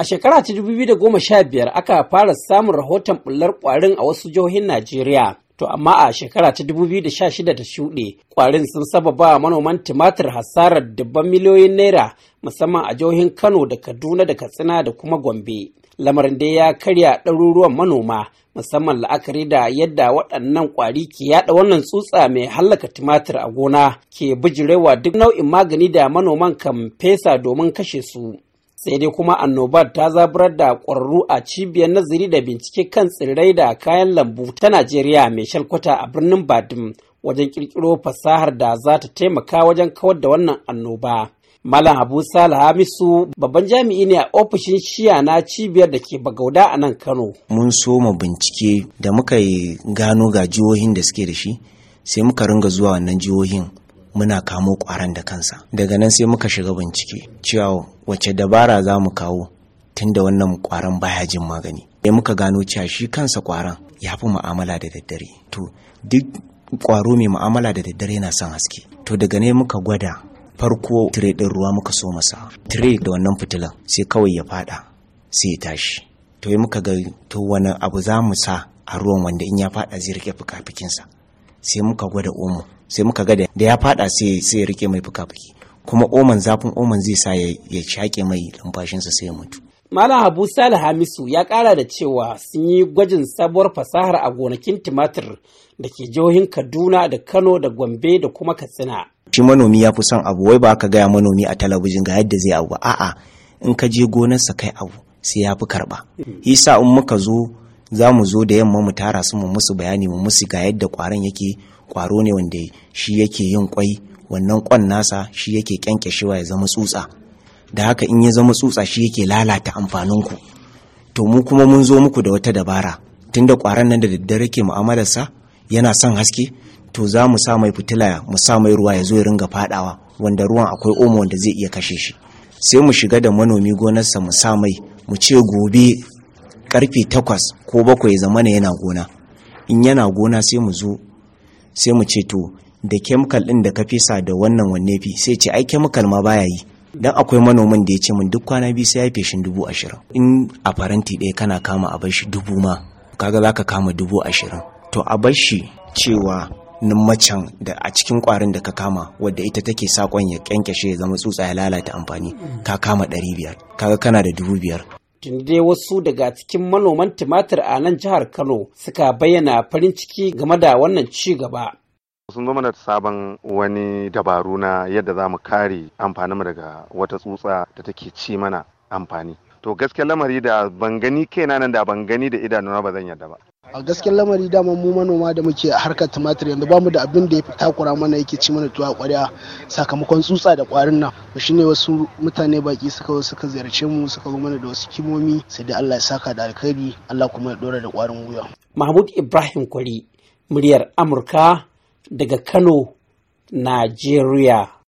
A shekara ta 2015 aka fara samun rahoton bullar kwarin a wasu jihohin Najeriya. To amma a shekara ta 2016 ta shuɗe, kwarin sun sababa manoman tumatir hasarar dubban miliyoyin naira musamman a jihohin Kano da Kaduna da Katsina da kuma Gombe. Lamarin dai ya karya ɗaruruwan manoma musamman la'akari da yadda waɗannan ƙwari ke yaɗa wannan tsutsa mai hallaka tumatir a gona ke bijirewa duk nau'in magani da manoman kan fesa domin kashe su. sai dai kuma annobar ta zaburar da ƙwararru a cibiyar nazari da bincike kan tsirrai da kayan lambu ta najeriya mai shalkwata a birnin Badum, wajen ƙirƙiro fasahar da za ta taimaka wajen kawar da wannan annoba malam abu salah hamisu babban jami'i ne a ofishin shiya na cibiyar da ke bagauda a nan kano mun soma bincike da muka yi gano ga jihohin da suke da shi sai muka ringa zuwa wannan jihohin muna kamo kwaran da kansa daga nan sai muka shiga bincike cewa wace dabara za mu kawo tun da wannan kwaran baya jin magani sai muka gano cewa shi kansa kwaran ya fi mu'amala da daddare to duk kwaro mai mu'amala da daddare yana son haske to daga ne muka gwada farko tire din ruwa muka so masa tire da wannan fitilan sai kawai ya fada sai ya tashi to muka ga to wani abu za mu sa a ruwan wanda in ya fada zai rike fikafikinsa sai muka gwada omo sai muka gada da ya fada sai sai rike mai fuka-fuki kuma oman zafin oman zai sa ya shaƙe mai lumfashinsa sai ya mutu Malam Habu Salih Hamisu ya ƙara da cewa sun yi gwajin sabuwar fasahar a gonakin tumatir da ke jihohin Kaduna da Kano da Gombe da kuma Katsina. Shi manomi ya fi son abu wai ba ka gaya manomi a talabijin ga yadda zai abu a'a in ka je gonarsa kai abu sai ya fi karɓa. Hmm. Isa in muka zo za mu zo da yamma mu tara su mu musu bayani mu musu ga yadda kwaron yake kwaro ne wanda shi yake yin kwai wannan kwan nasa shi yake kyankyashewa ya zama tsutsa da haka in ya zama tsutsa shi yake lalata amfaninku to mu kuma mun zo muku da wata dabara tunda kwaron nan da daddare ke mu'amalarsa yana son haske to za mu sa mai fitila mu sa mai ruwa ya zo ya ringa fadawa wanda ruwan akwai omo wanda zai iya kashe shi sai mu shiga da manomi gonarsa mu sa mai mu ce gobe karfe takwas ko bakwai zama zamana yana gona in yana gona sai mu zo sai mu ce to da kemikal ɗin da ka fesa da wannan wanne fi sai ce ai kemikal ma baya yi dan akwai manomin da ya ce mun duk kwana biyu sai ya feshin dubu ashirin in a faranti ɗaya kana kama a bar shi dubu ma kaga za ka kama dubu ashirin to a bar shi cewa macen da a cikin kwarin da ka kama wadda ita take sakon ya kyankyashe ya zama tsutsa ya lalata amfani ka kama ɗari biyar kaga kana da dubu biyar tun dai wasu daga cikin manoman tumatir a nan jihar kano suka bayyana farin ciki game da wannan ci gaba sun zama da sabon wani dabaru na yadda za mu kare amfaninmu daga wata tsutsa da take ci mana amfani to gaskiya lamari da ban gani kaina nan da ban gani da idanuna ba zan yarda ba a gaskiyar lamari dama mu manoma da muke a harkar tumatir yanzu mu da abin da ya fi takura mana yake ci mana tuwa kwarya sakamakon tsutsa da kwarin nan shi ne wasu mutane baki suka zo suka ziyarce mu suka zo mana da wasu kimomi sai dai Allah ya saka da alkhairi Allah kuma ya dora da kwarin gwiwa Mahmud Ibrahim Kwari muryar Amurka daga Kano Najeriya